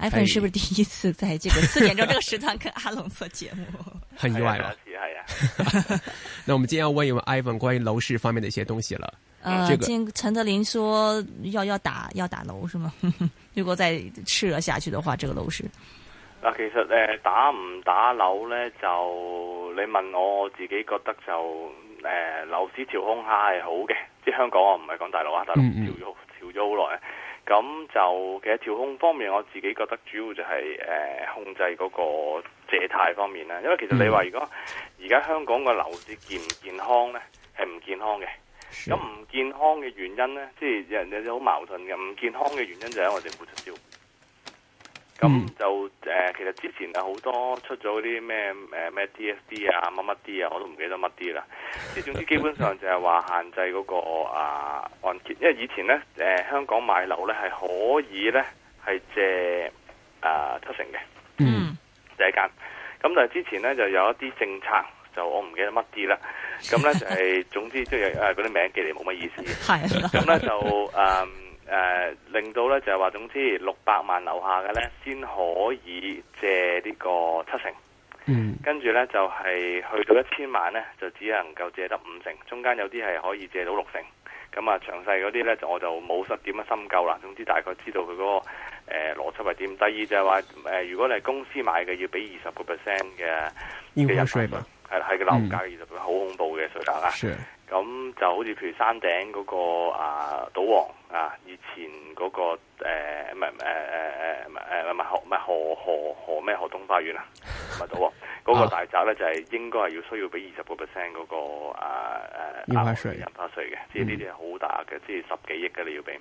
Ivan 是不是第一次在這個四點鐘這個時段跟阿龍做節目？ 很意外吧？是啊，那我們今天要問一問 Ivan 關於樓市方面的一些東西了。呃，今陳、這個、德林說要要打要打樓是嗎？ 如果再熾熱下去的話，這個樓市。嗱，其實誒，打唔打樓呢就你問我，我自己覺得就誒，樓市調控下係好嘅，即香港我唔係講大陸啊，大陸唔調。嗯嗯咁就其實調控方面，我自己覺得主要就係呃、控制嗰個借貸方面啦。因為其實你話如果而家香港個樓市健唔健康呢？係唔健康嘅。咁唔健康嘅原因呢？即係人哋好矛盾嘅。唔健康嘅原因就係我哋唔會出招。咁就誒、呃，其實之前有好多出咗啲咩誒咩 DSD 啊乜乜啲啊，什麼什麼 d，我都唔記得乜啲啦。即係總之基本上就係話限制嗰個啊按揭，因為以前咧、呃、香港買樓咧係可以咧係借啊七成嘅，嗯，第一間。咁但係之前咧就有一啲政策，就我唔記得乜啲啦。咁咧就係、是、總之即係嗰啲名記嚟冇乜意思。係咁咧就誒。嗯誒、呃，令到咧就係話，總之六百萬樓下嘅咧，先可以借呢個七成。嗯，跟住咧就係、是、去到一千萬咧，就只能夠借得五成。中間有啲係可以借到六成。咁、嗯、啊，詳細嗰啲咧就我就冇乜點樣深究啦。總之，大概知道佢嗰個誒邏輯係點。第二就係話，誒、呃，如果你係公司買嘅，要俾二十個 percent 嘅嘅入稅啊，係係個樓價嘅二十好恐怖嘅稅格啊。咁就好似譬如山頂嗰個啊，賭王啊，以前嗰，嗰個唔係誒誒誒唔係唔係何唔係何何何咩何，何東花園啊？唔係賭王嗰個大宅咧，就係應該係要需要俾二十個 percent 嗰個誒誒啱學嘅人包稅嘅，即係呢啲係好大嘅，即係十幾億嘅你要俾。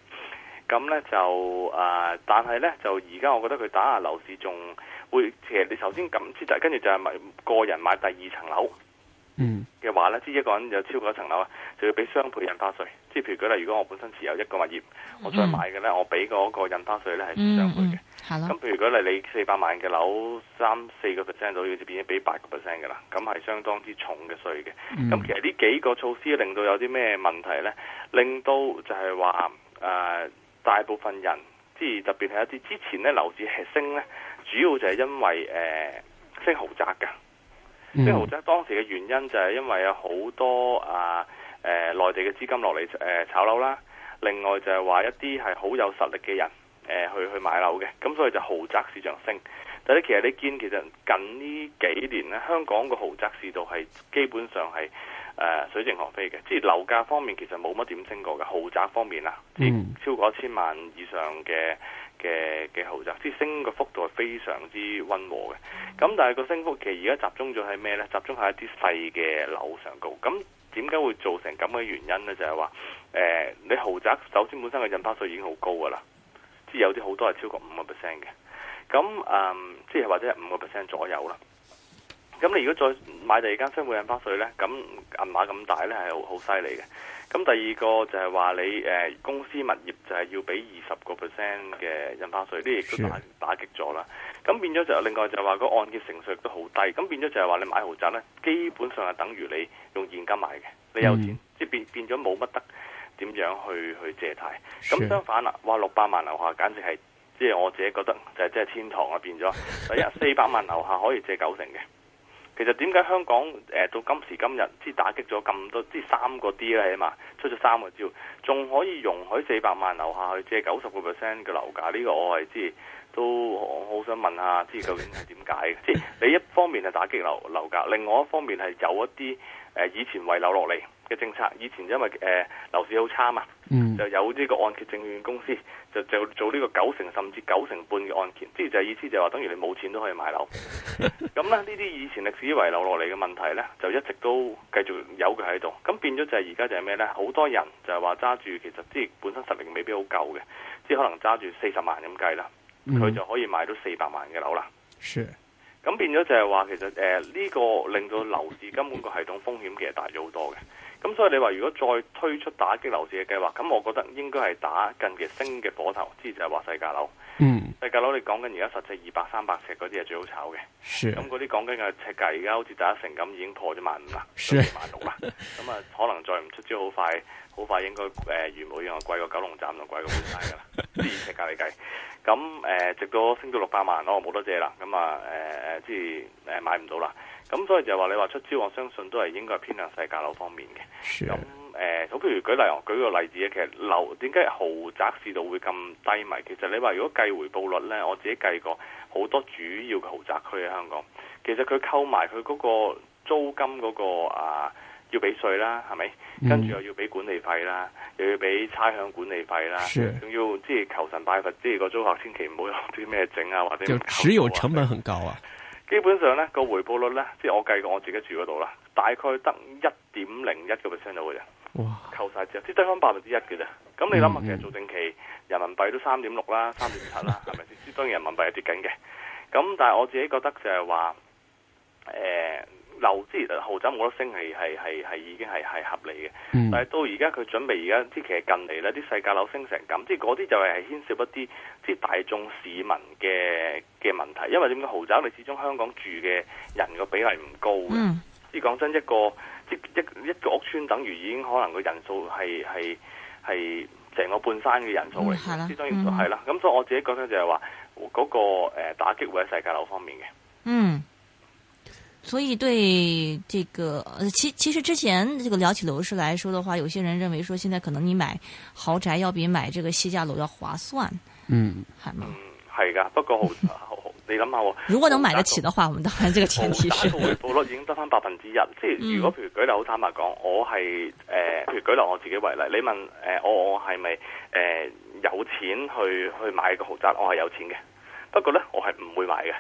咁咧，嗯，就誒，啊，但係咧就而家我覺得佢打下樓市仲會，其實你首先知就係，跟住就係買個人買第二層樓。嗯嘅、嗯、話咧，即係一個人有超過一層樓啊，就要俾雙倍印花稅。即係譬如講咧，如果我本身持有一個物業，嗯嗯嗯我再買嘅咧，我俾嗰個印花稅咧係雙倍嘅。咁、嗯嗯嗯、譬如講咧，你四百萬嘅樓三四個 percent 到，就變咗俾八個 percent 㗎啦。咁係相當之重嘅稅嘅。咁其實呢幾個措施令到有啲咩問題咧？令到就係話誒，大部分人即係特別係一啲之前咧樓市係升咧，主要就係因為誒、呃、升豪宅嘅。即豪宅當時嘅原因就係因為有好多啊誒、呃、內地嘅資金落嚟誒炒樓啦，另外就係話一啲係好有實力嘅人誒、呃、去去買樓嘅，咁所以就豪宅市場升。但係其實你見其實近呢幾年咧，香港個豪宅市道係基本上係誒、呃、水靜河飛嘅，即係樓價方面其實冇乜點升過嘅，豪宅方面啊，超過一千萬以上嘅。嘅嘅豪宅，即係升個幅度係非常之溫和嘅。咁但係個升幅其實而家集中咗喺咩呢？集中喺一啲細嘅樓上高。咁點解會造成咁嘅原因呢？就係、是、話，誒、呃，你豪宅首先本身嘅印花稅已經好高噶啦，即係有啲好多係超過五個 percent 嘅。咁誒、嗯，即係或者係五個 percent 左右啦。咁你如果再買第二間商鋪印花稅呢，咁銀碼咁大呢，係好犀利嘅。咁第二個就係話你誒、呃、公司物業就係要俾二十個 percent 嘅印花稅，呢啲亦都打是打擊咗啦。咁變咗就另外就係話個按揭成數都好低，咁變咗就係話你買豪宅咧，基本上係等於你用現金買嘅。你有錢即係變變咗冇乜得點樣去去借貸。咁是相反啊，哇六百萬樓下簡直係即係我自己覺得就係即係天堂啊！變咗第一四百萬樓下可以借九成嘅。其實點解香港誒、呃、到今時今日，即係打擊咗咁多，即係三個啲啦起碼，出咗三個招，仲可以容許四百萬樓下去，借九十個 percent 嘅樓價，呢、這個我係知，都好想問下，即究竟係點解？即係你一方面係打擊樓樓價，另外一方面係有一啲誒、呃、以前遺留落嚟嘅政策以前因為誒、呃、樓市好差嘛，嗯、就有呢個按揭證券公司就，就做做呢個九成甚至九成半嘅按揭，即係意思就話等於你冇錢都可以買樓。咁咧 呢啲以前歷史遺留落嚟嘅問題咧，就一直都繼續有嘅喺度。咁變咗就係而家就係咩咧？好多人就係話揸住其實即係本身實力未必好夠嘅，即係可能揸住四十萬咁計啦，佢、嗯、就可以買到四百萬嘅樓啦。咁是變咗就係話其實誒呢、呃這個令到樓市根本個系統風險其實大咗好多嘅。咁、嗯、所以你話如果再推出打擊樓市嘅計劃，咁我覺得應該係打近期升嘅火頭，之前就係話細價樓。嗯，細價樓你講緊而家實際二百三百尺嗰啲係最好炒嘅。咁嗰啲講緊嘅尺價，而家好似第一城咁已經破咗萬五啦，甚至萬六啦。咁啊，可能再唔出招好快。好快應該誒，元朗又貴過九龍站，又貴過半山噶啦，二尺價嚟計。咁誒，直、呃、到升到六百萬咯，冇多謝啦。咁啊誒，即係誒買唔到啦。咁所以就話你話出招，我相信都係應該係偏向細價樓方面嘅。咁誒，好、呃、譬如舉例，我舉個例子，其實樓點解豪宅市道會咁低迷？其實你話如果計回報率咧，我自己計過好多主要嘅豪宅區喺香港，其實佢扣埋佢嗰個租金嗰、嗰個啊。要俾稅啦，係咪？嗯、跟住又要俾管理費啦，又要俾差餉管理費啦，仲是要即係求神拜佛，即係個租客千祈唔好有啲咩證啊，或者、啊。就只有成本很高啊！基本上咧個回報率咧，即係我計過我自己住嗰度啦，大概得一點零一個 percent 度嘅啫。哇！扣晒之後，只跌翻百分之一嘅啫。咁你諗下，其實、嗯、做定期，人民幣都三點六啦，三點七啦，係咪？即係當然人民幣係跌緊嘅。咁但係我自己覺得就係話，誒、呃。樓之豪宅冇得升係，係係係係已經係係合理嘅。嗯、但係到而家佢準備而家，即其實近嚟咧，啲細價樓升成咁，即係嗰啲就係係牽涉一啲即係大眾市民嘅嘅問題。因為點解豪宅你始終香港住嘅人個比例唔高嘅。即係講真一一，一個即一一個屋邨等於已經可能個人數係係係成個半山嘅人數嚟。係啦、嗯，啲人係啦。咁、就是嗯、所以我自己覺得就係話，嗰、嗰個打擊會喺細價樓方面嘅。嗯。所以對這個，其其實之前這個聊起樓市來說的話，有些人認為說，現在可能你買豪宅要比買這個細價樓要劃算，嗯，係嘛嗎？嗯，係噶，不過好， 你諗下，如果能買得起的話，我們當然這個前提是回報率已經得返百分之一，即係、 嗯、如果譬如舉例好坦白講，我係誒，譬、呃、如舉例我自己為例，你問誒、呃，我我係咪誒有錢去去買一個豪宅？我係有錢嘅，不過咧我係唔會買嘅。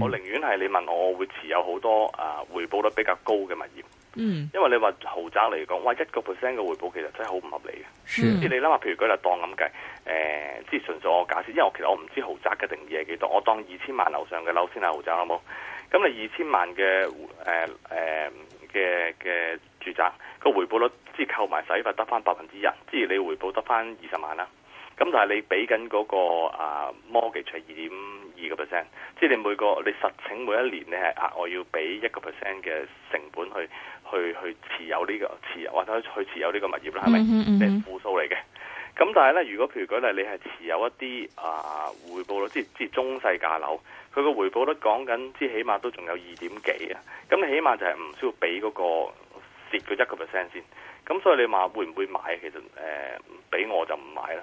我寧願係你問我，我會持有好多啊，回報率比較高嘅物業。嗯，因為你話豪宅嚟講，哇，一個 percent 嘅回報其實真係好唔合理。嗯，即你諗下，譬如舉例當咁計，誒，即係純粹我假設，因為我其實我唔知豪宅嘅定義係幾多，我當二千萬樓上嘅樓先係豪宅好冇？咁你二千萬嘅誒誒嘅嘅住宅，個回報率即係扣埋使費得返百分之一，即係你回報得返二十萬啦。咁但係你俾緊嗰個啊 mortgage 係二點二個 percent，即係你每個你實請每一年你係額外要俾一個 percent 嘅成本去去去持有呢、這個持有或者去持有呢個物業啦，係咪？係、mm hmm. 負數嚟嘅。咁但係咧，如果譬如舉例，你係持有一啲啊回報率，即係即係中細價樓，佢個回報都講緊，即係起碼都仲有二點幾啊。咁你起碼就係唔需要俾嗰、那個蝕咗一個 percent 先。咁所以你話會唔會買？其實誒，俾、呃、我就唔買啦。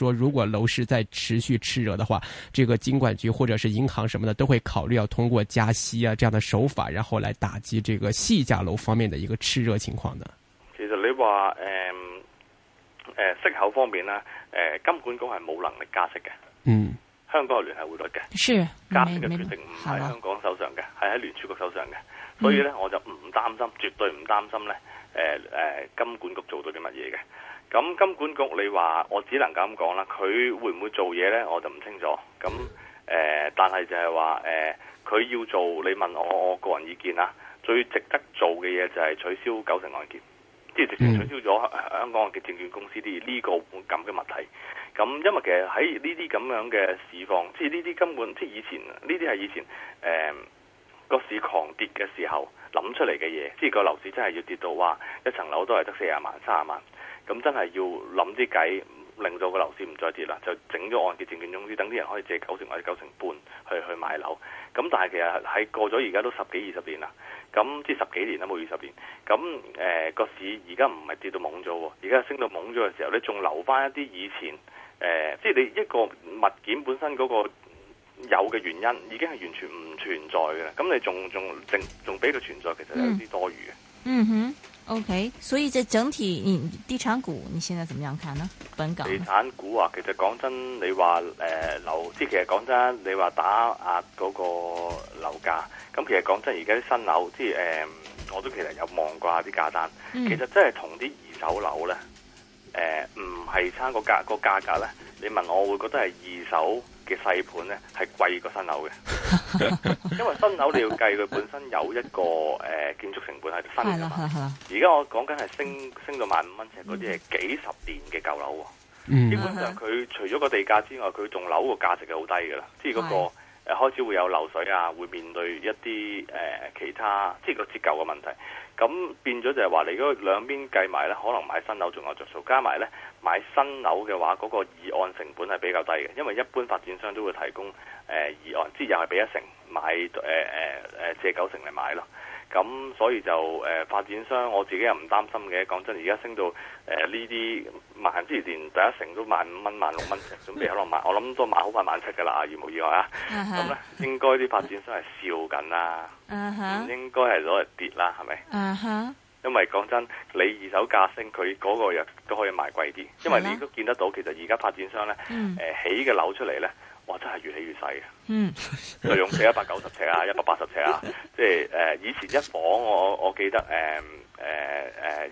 說如果樓市再持續熾熱的話，這個金管局或者是銀行什麼的都會考慮要通過加息啊這樣的手法，然後來打擊這個細價樓方面的一個熾熱情況的。其實你話誒誒息口方面呢誒、呃、金管局係冇能力加息嘅。嗯，香港係聯繫匯率嘅，是加息嘅決定唔係沒香港手上嘅，係喺吧聯儲局手上嘅。所以呢我就唔擔心，嗯、絕對唔擔心呢誒誒金管局做到啲乜嘢嘅。咁金管局你，你話我只能咁講啦。佢會唔會做嘢呢？我就唔清楚。咁誒、呃，但係就係話誒，佢、呃、要做。你問我，我個人意見啦，最值得做嘅嘢就係取消九成案件，即係直接取消咗香港嘅證券公司啲呢個敏感嘅問題。咁因為其實喺呢啲咁樣嘅市況，即係呢啲根本即係以前呢啲係以前誒個、呃、市狂跌嘅時候諗出嚟嘅嘢。即係個樓市真係要跌到話一層樓都係得四十萬、三十萬。咁真係要諗啲計，令到個樓市唔再跌啦，就整咗按揭證券公司，等啲人可以借九成或者九成半去去買樓。咁但係其實喺過咗而家都十幾二十年啦，咁即係十幾年啦冇二十年。咁誒個市而家唔係跌到懵咗，而家升到懵咗嘅時候咧，仲留翻一啲以前誒，即、呃、係、就是、你一個物件本身嗰個有嘅原因，已經係完全唔存在嘅啦。咁你仲仲剩仲俾佢存在，其實有啲多餘嘅、嗯。嗯哼。O、okay, K，所以即整體，你地產股你現在怎麼樣看呢？本港地產股啊，其實講真你，你話誒樓，即係其實講真你，你話打壓嗰個樓價，咁其實講真，而家啲新樓，即係誒，我都其實有望過下啲價單，嗯、其實真係同啲二手樓咧，誒唔係差個價個價格咧，你問我，我會覺得係二手。嘅細盤咧係貴過新樓嘅， 因為新樓你要計佢本身有一個誒、呃、建築成本係新㗎嘛。而家我講緊係升升到萬五蚊尺嗰啲係幾十年嘅舊樓喎，嗯、基本上佢除咗個地價之外，佢仲樓個價值係好低㗎啦，即、就、係、嗰個。開始會有漏水啊，會面對一啲、呃、其他，即係個折舊嘅問題。咁變咗就係話，你如果你兩邊計埋咧，可能買新樓仲有著數。加埋咧買新樓嘅話，嗰、嗰個按揭成本係比較低嘅，因為一般發展商都會提供誒、呃、按揭，即係又係俾一成買、呃呃、借九成嚟買咯。咁所以就誒發、呃、展商我自己又唔擔心嘅，講真而家升到誒呢啲萬之前第一城都萬五蚊、萬六蚊尺，準備喺度買， 我諗都買好快萬七嘅啦，意冇意外啊！咁咧、uh huh. 應該啲發展商係笑緊啦，唔、uh huh. 應該係攞嚟跌啦，係咪？Uh huh. 因為講真，你二手價升，佢嗰個又都可以賣貴啲，因為你都見得到其實而家發展商咧、uh huh. 呃、起嘅樓出嚟咧。我真係越起越細嘅，嗯，就用尺一百九十尺啊，一百八十尺啊， 即係誒、呃，以前一房我我記得誒誒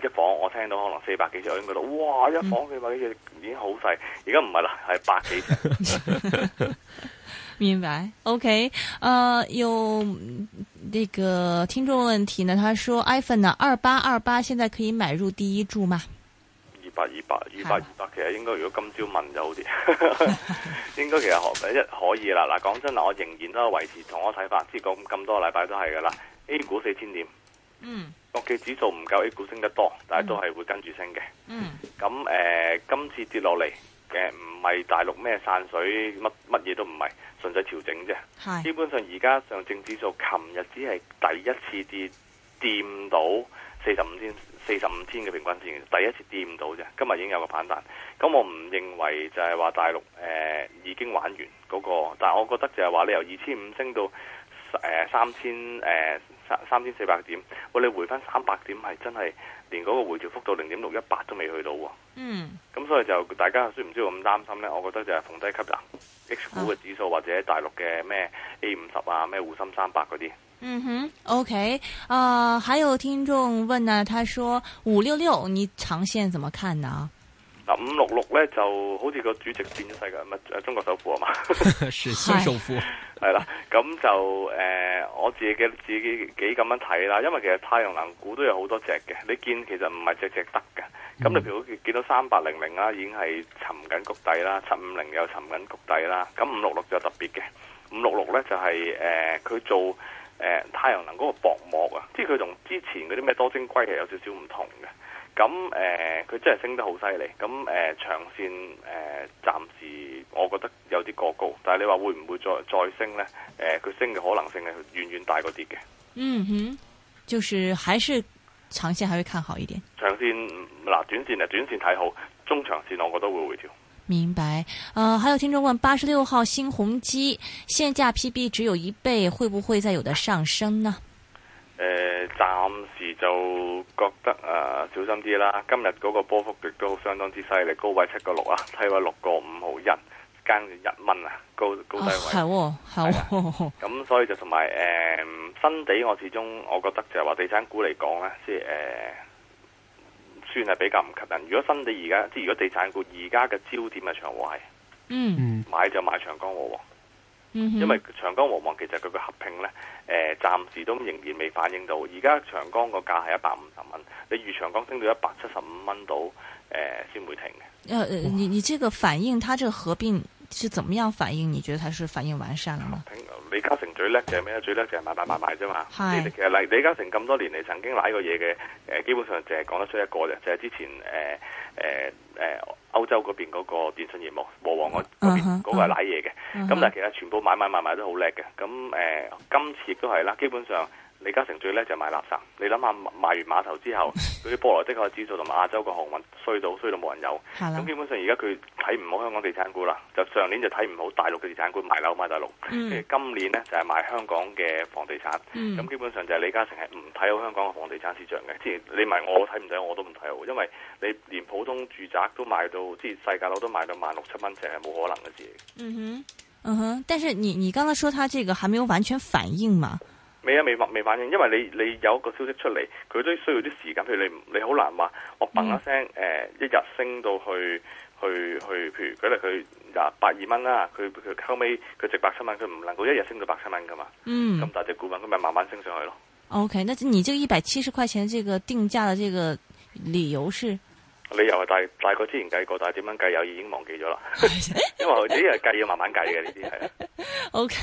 誒一房我聽到可能四百幾尺，我已經覺得，哇一房四百幾尺已經好細，而家唔係啦，係百幾尺。 明白？OK，誒、呃，有呢個聽眾問題呢，他說 iPhone 呢二八二八，現在可以買入第一注嗎？二百二百二百，其實應該如果今朝問就好啲， 應該其實可一可以啦。嗱，講真啦，我仍然都維持同我睇法，即係咁咁多個禮拜都係噶啦。A 股四千點，嗯，國企指數唔夠 A 股升得多，但係都係會跟住升嘅。嗯，咁誒、嗯呃，今次跌落嚟嘅，唔係大陸咩散水，乜乜嘢都唔係，純粹調整啫。是基本上而家上證指數，琴日只係第一次跌掂到。四十五天四十五天嘅平均線，第一次跌唔到啫。今日已經有個反彈，咁我唔認為就係話大陸誒、呃、已經玩完嗰、那個。但係我覺得就係話你由二千五升到誒三千誒三千四百點，喂、哦、你回翻三百點係真係連嗰個回調幅度零點六一八都未去到喎、哦。嗯。咁所以就大家需唔需要咁擔心呢？我覺得就係逢低吸入 H 股嘅指數、啊、或者大陸嘅咩 A 五十啊，咩滬深三百嗰啲。嗯哼，OK，啊、呃，還有聽眾問呢、啊，他說五六六，你長線怎麼看呢？啊，嗱，五六六呢就好似個主席變咗世界中國首富啊嘛，首富，係啦，咁就誒、呃，我自己自己幾咁樣睇啦，因為其實太陽能股都有好多隻嘅，你見其實唔係隻隻得嘅，咁你譬如見到三八零零啦，已經係沉緊谷底啦，七五零又沉緊谷底啦，咁五六六就特別嘅，五六六呢就係、是、誒，佢、呃、做。誒、呃，太陽能嗰個薄膜啊，即係佢同之前嗰啲咩多晶硅其實有少少唔同嘅，咁誒，佢、呃、真係升得好犀利，咁誒、呃、長線誒暫、呃、時我覺得有啲過高，但係你話會唔會再再升咧？誒、呃，佢升嘅可能性係遠遠大過跌嘅。嗯哼，就是還是長線還會看好一點。長線嗱，短線啊，短線睇好，中長線我覺得會，會回調。明白，誒、呃，還有聽眾問八十六號新鴻基現價 P/B 只有一倍，會唔會再有得上升呢？誒、呃，暫時就覺得誒、呃、小心啲啦，今日嗰個波幅亦都相當之犀利，高位七個六啊，低位六個五毫一，間一蚊啊，高高低位係喎，係、oh, right . oh. 啊，咁所以就同埋誒新地，我始終我覺得就係話地產股嚟講咧，即係誒。呃算係比較唔吸引。如果新地而家，即係如果地產股而家嘅焦點係長和嗯，買就買長江和黃，嗯、哼因為長江和黃其實佢個合併呢，誒、呃，暫時都仍然未反映到。而家長江個價係一百五十蚊，你預長江升到一百七十五蚊度，誒、呃，先會停嘅、呃。你你個個反映，它這個合併。是怎麼樣反應？你覺得它是反應完善了嗎？李嘉誠最叻就係咩？最叻就係買買買買啫嘛。其實李李嘉誠咁多年嚟，曾經舐過嘢嘅，誒、呃，基本上淨係講得出一個嘅，就係、是、之前誒誒誒歐洲嗰邊嗰個電信業務，和黃嗰邊嗰個舐嘢嘅。咁、uh huh. uh huh. 但係其實全部買買買買都好叻嘅。咁誒、呃，今次都係啦，基本上。李嘉誠最叻就賣垃圾，你諗下賣完碼頭之後，佢 波羅的海指數同埋亞洲嘅航運衰到衰到冇人有，咁 基本上而家佢睇唔好香港地產股啦，就上年就睇唔好大陸嘅地產股賣樓賣大陸，跟住、嗯、今年呢，就係賣香港嘅房地產，咁、嗯、基本上就係李嘉誠係唔睇好香港嘅房地產市場嘅。之前你問我睇唔睇，我都唔睇好，因為你連普通住宅都賣到，即係世界樓都賣到萬六七蚊尺，係冇可能嘅事。嗯哼，嗯哼，但是你你剛剛說他這個還沒有完全反應嘛？你啊，未反未反應，因為你你有一個消息出嚟，佢都需要啲時間。譬如你你好難話，我砰一聲誒、嗯呃，一日升到去去去，譬如舉例佢百二蚊啦，佢佢後尾佢值百七蚊，佢唔能夠一日升到百七蚊噶嘛。嗯，咁大隻股份，佢咪慢慢升上去咯。O、okay, K，那你這一百七十塊錢呢個定價嘅呢個理由是？你又係大，大概之前計過，但係點樣計又已經忘記咗啦。 因為呢啲係計要慢慢計嘅，呢啲係 OK，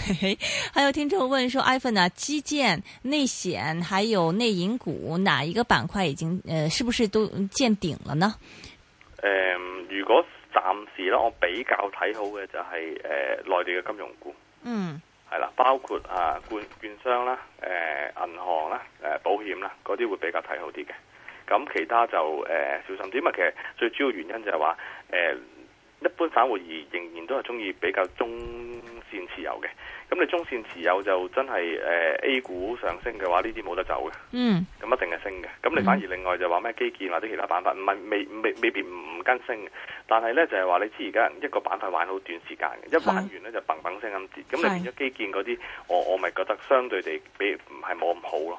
係有聽眾問說，iPhone 啊，基建、內險還有內銀股，哪一個板塊已經誒、呃，是不是都見頂了呢？誒、呃，如果暫時咧，我比較睇好嘅就係誒內地嘅金融股。嗯，係啦，包括啊，券券商啦，誒、呃，銀行啦，誒、呃，保險啦，嗰啲會比較睇好啲嘅。咁其他就誒、呃、小心啲，因為其實最主要原因就係話誒一般散戶而仍然都係中意比較中線持有嘅。咁你中線持有就真係、呃、A 股上升嘅話，呢啲冇得走嘅。嗯。咁一定係升嘅。咁你反而另外就話咩基建或者其他板塊，唔係未未未，未必唔跟升嘅。但係咧就係、是、話你知而家一個板塊玩好短時間嘅，一玩完咧的就砰砰聲咁跌。咁你變咗基建嗰啲，我我咪覺得相對地比唔係冇咁好咯。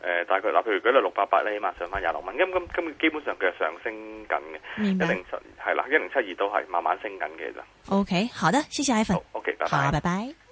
誒、呃，大概嗱，譬如舉例六八八咧，88, 起碼上翻廿六蚊，咁咁咁，基本上佢係上升緊嘅，明白。一零七係啦，一零七二都係慢慢升緊嘅啫。OK，好的，謝謝 Ivan。好 OK，拜拜。好，拜拜。